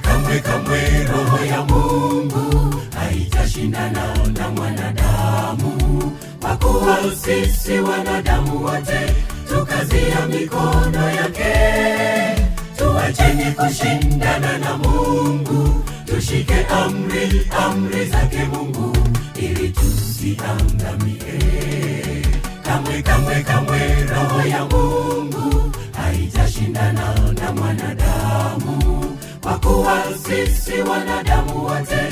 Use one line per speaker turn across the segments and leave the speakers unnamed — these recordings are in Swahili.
kamwe kamwe roho ya Mungu haitashindana na mwanadamu, kwa kuwa sisi wanadamu wote tukazia mikono yake. Tuacheni kushindana na Mungu, tushike amri amri zake Mungu ili tusiangamie. Kamwe kamwe kamwe roho ya Mungu haitashindana kuwa sisi wanadamu wote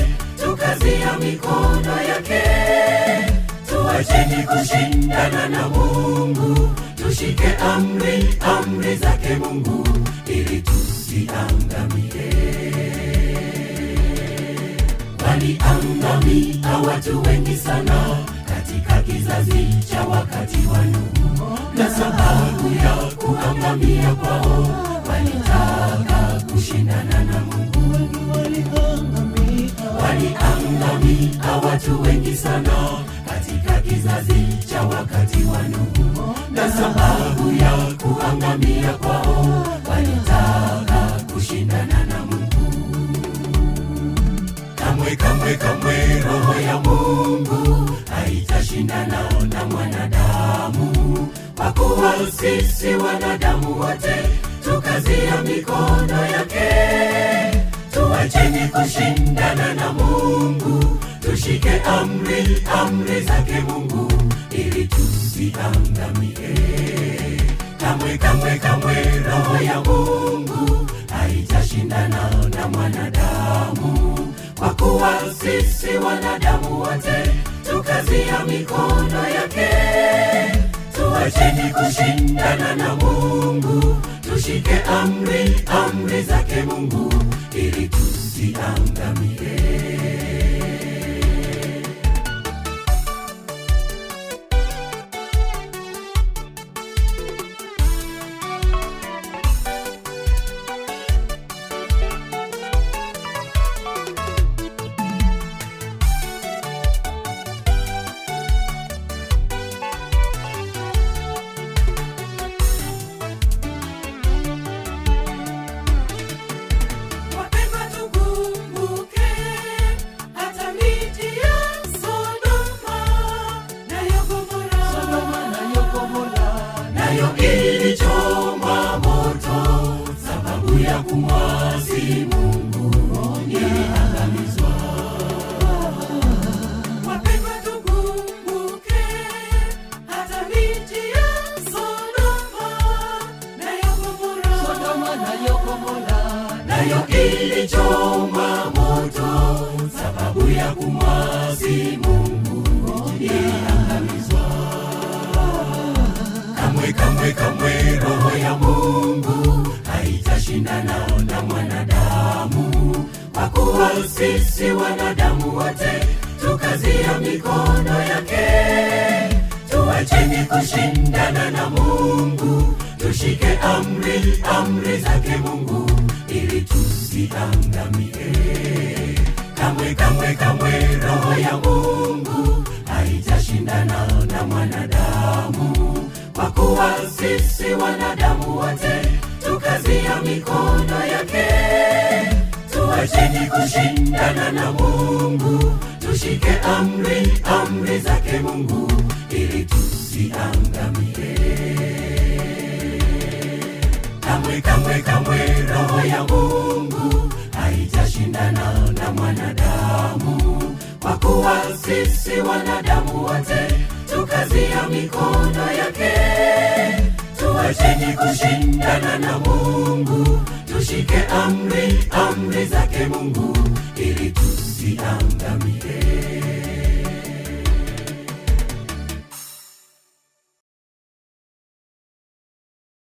tukazia mikono yake. Tuacheni kushindana na Mungu, tushike amri amri zake Mungu ili tusiangamie. Waliangamia watu wengi sana katika kizazi cha wakati wa Nuhu, na sababu ya kuangamia kwao kushindana na Mungu. Waliangamia watu wengi sana katika kizazi cha wakati wa Nuhu, na sababu ya kuangamia kwao walitaka kushindana na Mungu. Kamwe, kamwe, kamwe roho ya Mungu haitashindana na mwanadamu, kwa kuwa sisi wanadamu wote tukazia mikono yake. Tuacheni kushindana na Mungu, tushike amri amri zake Mungu ili tusiangamie kamwe kamwe kamwe. Roho ya Mungu haitashindana na mwanadamu, kwa kuwa sisi wanadamu wote tukazia mikono yake. Tuacheni kushindana na Mungu. Tushike amri, amri zake Mungu ili tusiangamie. nayo ilichoma moto, sababu ya kumwasi Mungu iliangamizwa. Kamwe, kamwe, kamwe roho ya Mungu haitashindana na mwanadamu, kwa kuwa sisi wanadamu wote tukazia mikono yake. tuwacheni kushindana na Mungu, tushike amri amri zake Mungu ili tusiangamie. Kamwe, kamwe, kamwe roho ya Mungu haitashindana na mwanadamu, kwa kuwa sisi wanadamu wote tukazia mikono yake. Tuacheni kushindana na Mungu, tushike amri, amri zake Mungu ili tusiangamie. Kamwe, kamwe, kamwe roho ya Mungu sisi wanadamu wote tukazia mikono yake, Tuwacheni kushindana na Mungu, tushike amri amri zake Mungu ili tu